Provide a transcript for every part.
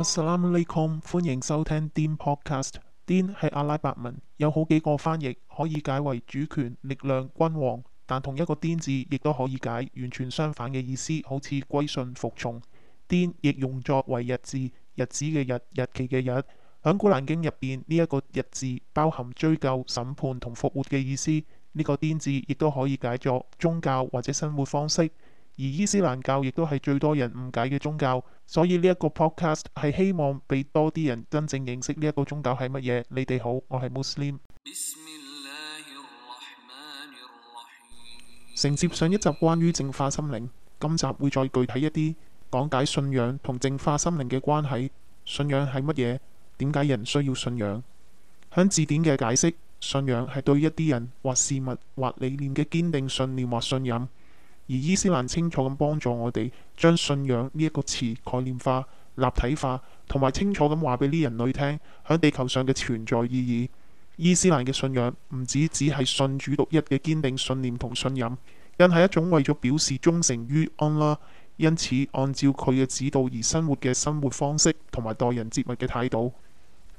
Assalamualaikum，歡迎收聽 Dean Podcast。Dean 係阿拉伯文，有好幾個翻譯，可以解為主權、力量、君王，但同一個 Dean 字亦都可以解完全相反嘅意思，好似歸順、服從。Dean 亦用作為日字，日子嘅日、日期嘅日。喺古蘭經入邊，呢一、這個日字包含追究、審判同復活嘅意思。呢、這個 Dean 字亦都可以解作宗教或者生活方式。而伊斯蘭教亦都係最多人誤解嘅宗教，所以呢一個 podcast 係希望俾多啲人真正認識呢一個宗教係乜嘢。你哋好，我係穆斯林。承接上一集關於淨化心靈，今集會再具體一啲講解信仰同淨化心靈嘅關係。信仰係乜嘢？點解人需要信仰？響字典嘅解釋，信仰係對一啲人或事物或理念嘅堅定信念或信任。而伊斯蘭清楚咁幫助我哋將信仰呢一個詞概念化、立體化，同埋清楚咁話俾啲人類聽喺地球上嘅存在意義。伊斯蘭嘅信仰唔止只係信主獨一嘅堅定信念同信任，更係一種為咗表示忠誠於安拉，因此按照佢嘅指導而生活嘅生活方式，同埋待人接物嘅態度。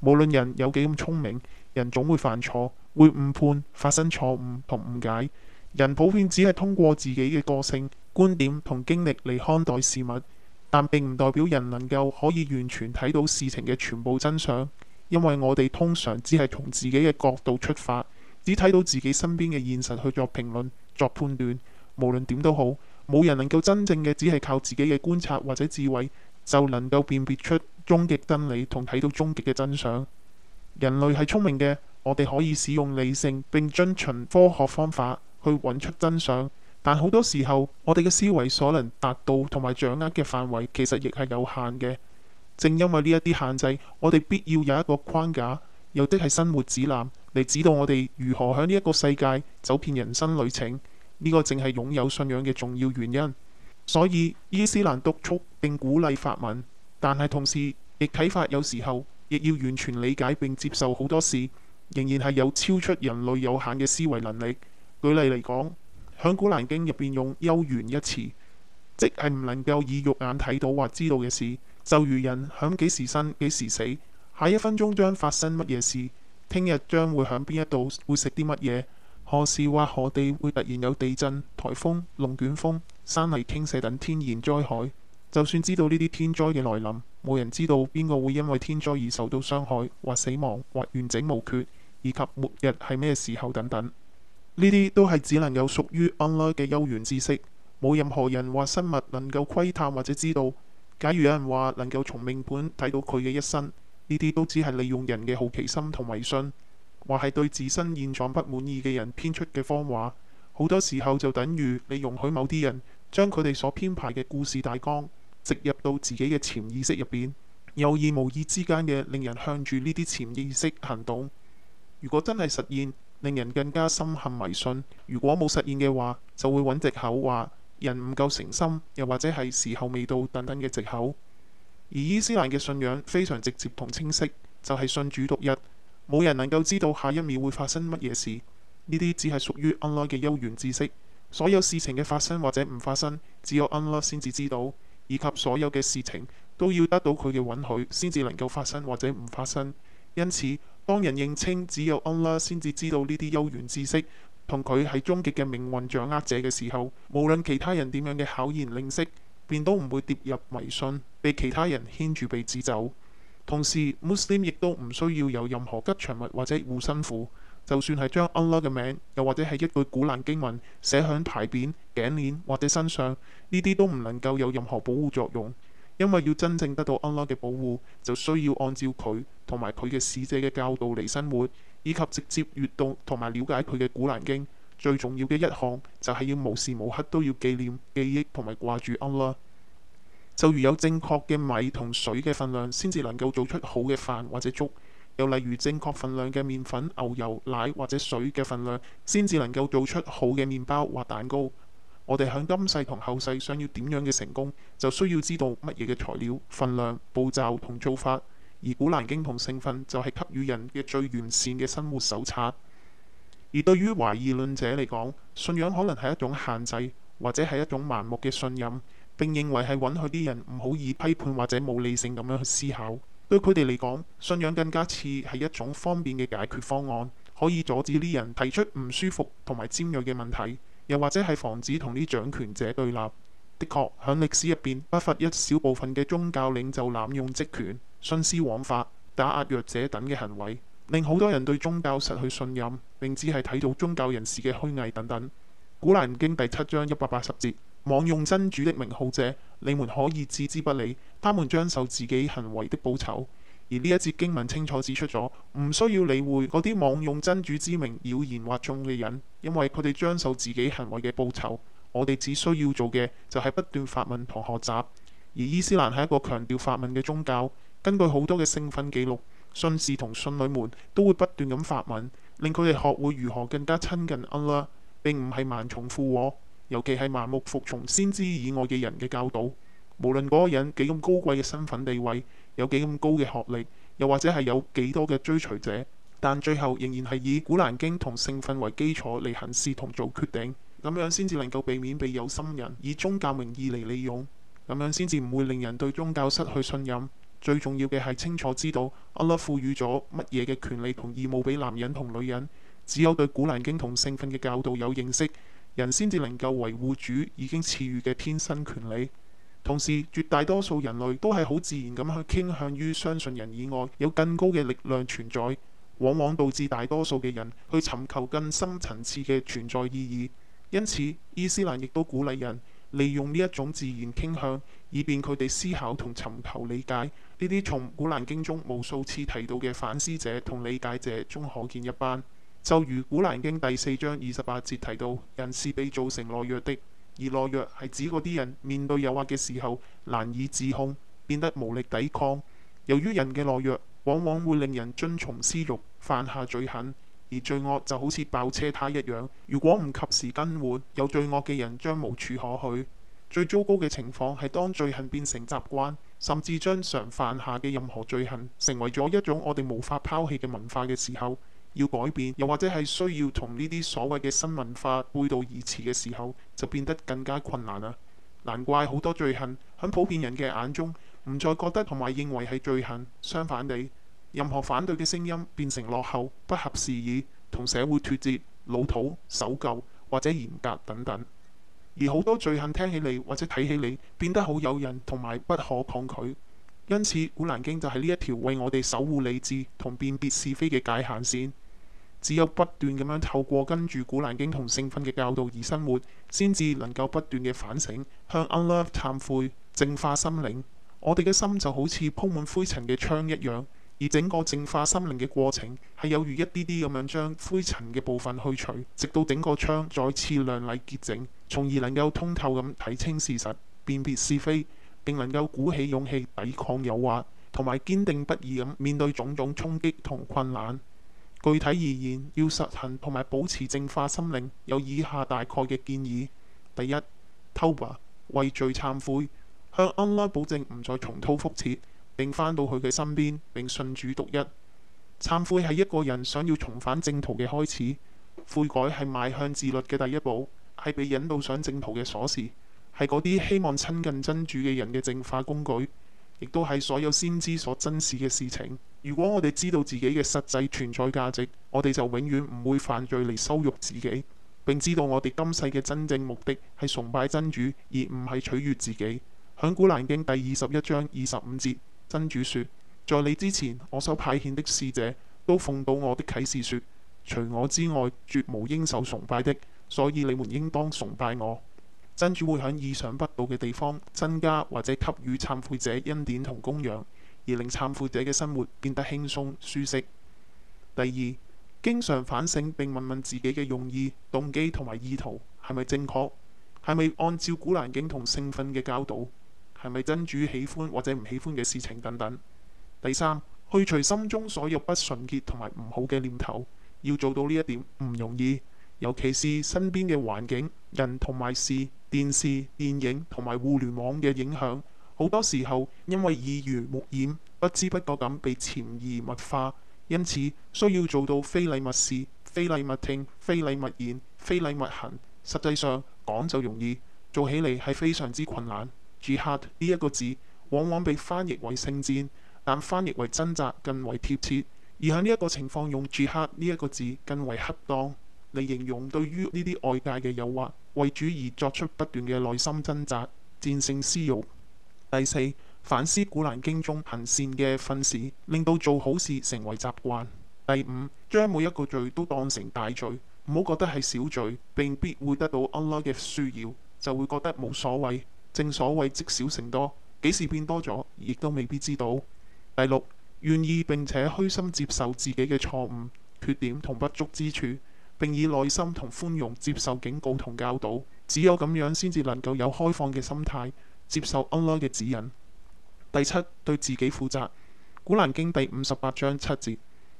無論人有幾咁聰明，人總會犯錯、會誤判、發生錯誤同誤解。人普遍只係通過自己嘅個性、觀點同經歷嚟看待事物，但並唔代表人能夠可以完全睇到事情嘅全部真相。因為我哋通常只係從自己嘅角度出發，只睇到自己身邊嘅現實去作評論、作判斷。無論點都好，冇人能夠真正嘅只係靠自己嘅觀察或者智慧就能夠辨別出終極真理同睇到終極嘅真相。人類係聰明嘅，我哋可以使用理性，並遵循科學方法。去揾出真相，但好多時候，我哋嘅思維所能達到同埋掌握嘅範圍，其實亦係有限嘅。正因為呢一啲限制，我哋必要有一個框架，又的係生活指南嚟指導我哋如何喺呢一個世界走遍人生旅程。呢、這個正係擁有信仰嘅重要原因。所以伊斯蘭督促並鼓勵發問，但係同時亦啟發有時候亦要完全理解並接受好多事，仍然係有超出人類有限嘅思維能力。舉例嚟講，響《古蘭經》入邊用“幽玄”一詞，即係唔能夠以肉眼睇到或知道嘅事。就如人響幾時生、幾時死，下一分鐘將發生乜嘢事，聽日將會響邊一度會食啲乜嘢，何時或何地會突然有地震、颱風、龍捲風、山泥傾瀉等天然災害。就算知道呢啲天災嘅來臨，冇人知道邊個會因為天災而受到傷害或死亡，或完整無缺，以及末日係咩時候等等。呢啲都係只能有屬於 online 嘅幽玄知識，冇任何人或生物能夠窺探或者知道。假如有人話能夠從命盤睇到佢嘅一生，呢啲都只係利用人嘅好奇心同迷信，或係對自身現狀不滿意嘅人編出嘅謊話。好多時候就等於你容許某啲人將佢哋所編排嘅故事大綱植入到自己嘅潛意識入邊，有意無意之間嘅令人向住呢啲潛意識行動。如果真係實現，令人更加深陷迷信。如果冇實現嘅話，就會揾藉口話人唔夠誠心，又或者係時候未到等等嘅藉口。而伊斯蘭嘅信仰非常直接同清晰，就係、是、信主獨一。冇人能夠知道下一秒會發生乜嘢事。呢啲只係屬於安拉嘅幽玄知識。所有事情嘅發生或者唔發生，只有安拉先至知道。以及所有嘅事情都要得到佢嘅允許，先至能夠發生或者唔發生。因此，當人認清只有安拉先至知道呢啲幽玄知識，同佢係終極嘅命運掌握者嘅時候，無論其他人點樣嘅考驗令識，便都唔會跌入迷信，被其他人牽住鼻子走。同時，Muslim 亦都唔需要有任何吉祥物或者護身符，就算係將安拉嘅名，又或者係一句古蘭經文寫響牌匾、頸鏈或者身上，呢啲都唔能夠有任何保護作用。因為要真正得到安拉嘅保護，就需要按照佢同埋佢嘅使者嘅教導嚟生活，以及直接閲讀同埋了解佢嘅古蘭經。最重要嘅一項就係要無時無刻都要記念、記憶同埋掛住安拉。就如有正確嘅米同水嘅份量，先至能夠做出好嘅飯或者粥；又例如正確份量嘅麵粉、牛油、奶或者水嘅份量，先至能夠做出好嘅麵包或蛋糕。我哋喺今世同後世想要點樣嘅成功，就需要知道乜嘢嘅材料、份量、步驟同做法。而《古蘭經》同聖訓就係給予人嘅最完善嘅生活手冊。而對於懷疑論者嚟講，信仰可能係一種限制，或者係一種盲目嘅信任，並認為係允許啲人唔好以批判或者冇理性咁樣去思考。對佢哋嚟講，信仰更加似係一種方便嘅解決方案，可以阻止啲人提出唔舒服同埋尖銳嘅問題。又或者係防止同啲掌權者對立，的確喺歷史入邊不乏一小部分嘅宗教領袖濫用職權、徇私枉法、打壓弱者等嘅行為，令好多人對宗教失去信任，並只係睇到宗教人士嘅虛偽等等。古蘭經第七章一百八十節：妄用真主的名號者，你們可以置之不理，他們將受自己行為的報酬。而呢一節經文清楚指出咗，唔需要理會嗰啲妄用真主之名妖言惑眾嘅人，因為佢哋將受自己行為嘅報酬。我哋只需要做嘅就係不斷發問同學習。而伊斯蘭係一個強調發問嘅宗教，根據好多嘅聖訓記錄，信士同信女們都會不斷咁發問，令佢哋學會如何更加親近安拉，並唔係盲從附和，尤其係盲目服從先知以外嘅人嘅教導。無論嗰個人幾咁高貴嘅身份地位。有幾咁高嘅學歷，又或者係有幾多嘅追隨者，但最後仍然係以古蘭經同聖訓為基礎嚟行事同做決定，咁樣先至能夠避免被有心人以宗教名義嚟利用，咁樣先至唔會令人對宗教失去信任。最重要嘅係清楚知道阿拉賦予咗乜嘢嘅權利同義務俾男人同女人。只有對古蘭經同聖訓嘅教導有認識，人先至能夠維護主已經賜予嘅天生權利。同時，絕大多數人類都係好自然咁去傾向於相信人以外有更高嘅力量存在，往往導致大多數嘅人去尋求更深層次嘅存在意義。因此，伊斯蘭亦都鼓勵人利用呢一種自然傾向，以便佢哋思考同尋求理解。呢啲從《古蘭經》中無數次提到嘅反思者同理解者中，可見一斑。就如《古蘭經》第四章二十八節提到，人是被造成懦弱的。而懦弱係指嗰啲人面對誘惑嘅時候，難以自控，變得無力抵抗。由於人嘅懦弱，往往會令人遵從私欲，犯下罪行。而罪惡就好似爆車胎一樣，如果唔及時更換，有罪惡嘅人將無處可去。最糟糕嘅情況係當罪行變成習慣，甚至將常犯下嘅任何罪行成為咗一種我哋無法拋棄嘅文化嘅時候。要改變，又或者係需要同呢啲所謂嘅新文化背道而馳嘅時候，就變得更加困難啦。難怪好多罪行，喺普遍人嘅眼中唔再覺得同埋認為係罪行。相反地，任何反對嘅聲音變成落後、不合時宜、同社會脱節、老土、守舊或者嚴格等等。而好多罪行聽起嚟或者睇起嚟變得好誘人同埋不可抗拒。因此，《古蘭經》就係呢一條為我哋守護理智同辨別是非嘅界限線。只有不斷咁樣透過跟住《古蘭經》同聖訓嘅教導而生活，先至能夠不斷嘅反省，向安拉懺悔，淨化心靈。我哋嘅心就好似鋪滿灰塵嘅窗一樣，而整個淨化心靈嘅過程，係有如一啲啲咁樣將灰塵嘅部分去除，直到整個窗再次亮麗潔淨，從而能夠通透咁睇清事實，辨別是非，並能夠鼓起勇氣抵抗誘惑，同埋堅定不移咁面對種種衝擊同困難。具體而言，要實行同埋保持淨化心靈，有以下大概嘅建議：第一，偷白為罪，懺悔，向安拉保證唔再重蹈覆轍，並返到佢嘅身邊，並信主獨一。懺悔係一個人想要重返正途嘅開始，悔改係邁向自律嘅第一步，係被引導上正途嘅鎖匙，係嗰啲希望親近真主嘅人嘅淨化工具，亦都係所有先知所珍視嘅事情。如果我哋知道自己嘅實際存在價值，我哋就永遠唔會犯罪嚟羞辱自己，並知道我哋今世嘅真正目的係崇拜真主，而唔係取悦自己。響古蘭經第二十一章二十五節，真主說：在你之前，我所派遣的使者都奉到我的啟示說，說除我之外，絕無應受崇拜的，所以你們應當崇拜我。真主會響意想不到嘅地方增加或者給予懺悔者恩典同供養。而令懺悔者嘅生活變得輕鬆舒適。第二，經常反省並問問自己嘅用意、動機同埋意圖係咪正確，係咪按照古蘭經同聖訓嘅教導，係咪真主喜歡或者唔喜歡嘅事情等等。第三，去除心中所有不純潔同埋唔好嘅念頭。要做到呢一點唔容易，尤其是身邊嘅環境、人同埋事、電視、電影同埋互聯網嘅影響。好多時候，因為耳濡目染，不知不覺咁被潛移默化，因此需要做到非禮勿視、非禮勿聽、非禮勿言、非禮勿行。實際上講就容易，做起嚟係非常之困難。住客呢一個字，往往被翻譯為聖戰，但翻譯為掙扎更為貼切。而喺呢一個情況，用住客呢一個字更為恰當嚟形容對於呢啲外界嘅誘惑，為主而作出不斷嘅內心掙扎、戰勝私慾。第四，反思《古蘭經》中行善嘅訓示，令到做好事成為習慣。第五，將每一個罪都當成大罪，唔好覺得係小罪，並必會得到安拉嘅騷擾，就會覺得冇所謂。正所謂積少成多，幾時變多咗，亦都未必知道。第六，願意並且虛心接受自己嘅錯誤、缺點同不足之處，並以耐心同寬容接受警告同教導。只有咁樣，先至能夠有開放嘅心態。接受安拉嘅指引。第七，對自己負責。古蘭經第五十八章七節：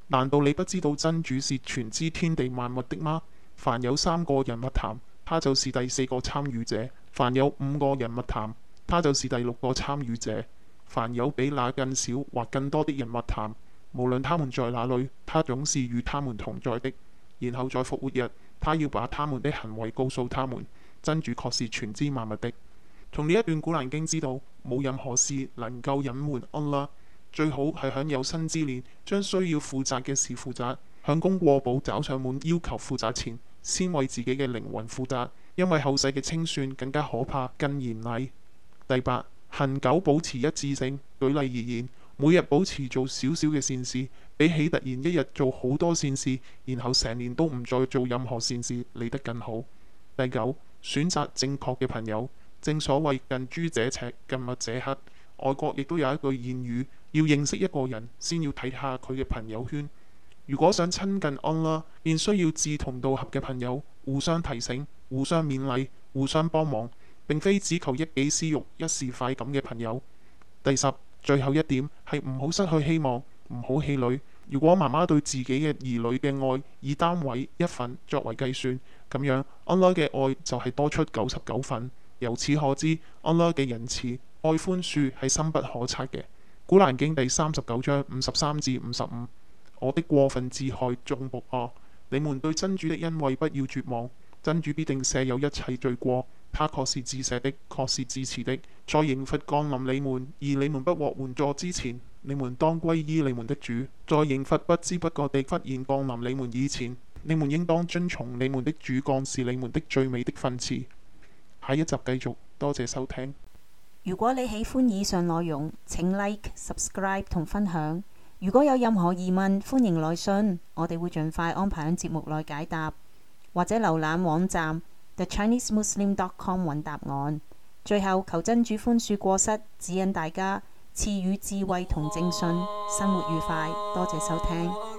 難道你不知道真主是全知天地萬物的嗎？凡有三個人物談，他就是第四個參與者；凡有五個人物談，他就是第六個參與者；凡有比那更少或更多的人物談，無論他們在哪裏，他總是與他們同在的。然後在復活日，他要把他們的行為告訴他們。真主確是全知萬物的。從呢一段《古蘭經》知道，冇任何事能夠隱瞞安拉。最好係喺有生之年將需要負責嘅事負責，向功過簿找上門要求負責前，先為自己嘅靈魂負責，因為後世嘅清算更加可怕、更嚴厲。第八，恒久保持一致性。舉例而言，每日保持做少少嘅善事，比起突然一日做好多善事，然後成年都唔再做任何善事，嚟得更好。第九，選擇正確嘅朋友。正所謂近朱者赤，近墨者黑。外國亦都有一句諺語，要認識一個人，先要睇下佢嘅朋友圈。如果想親近安 n 便需要志同道合嘅朋友，互相提醒、互相勉勵、互相幫忙。並非只求一己私欲、一時快感嘅朋友。第十，最後一點係唔好失去希望，唔好氣餒。如果媽媽對自己嘅兒女嘅愛以單位一份作為計算，咁樣安 n 嘅愛就係多出九十九份。由此可知，安拉嘅仁慈、愛寬恕係深不可測嘅。古蘭經第三十九章五十三至五十五：55，我的過分自害眾僕呀，你們對真主的恩惠不要絕望。真主必定赦宥一切罪過，他確是至赦的，確是至慈的。在刑罰降臨你們，而你們不獲援助之前，你們當歸依你們的主；在刑罰不知不覺地忽然降臨你們以前，你們應當遵從你們的主，降示你們的最美的訓詞。下一集繼續，多謝收聽。如果你喜歡以上內容，請 like、subscribe 同分享。如果有任何疑問，歡迎來信，我哋會盡快安排喺節目內解答，或者瀏覽網站 thechinesemuslim.com 搵答案。最後求真主寬恕過失，指引大家賜予智慧同正信，生活愉快。多謝收聽。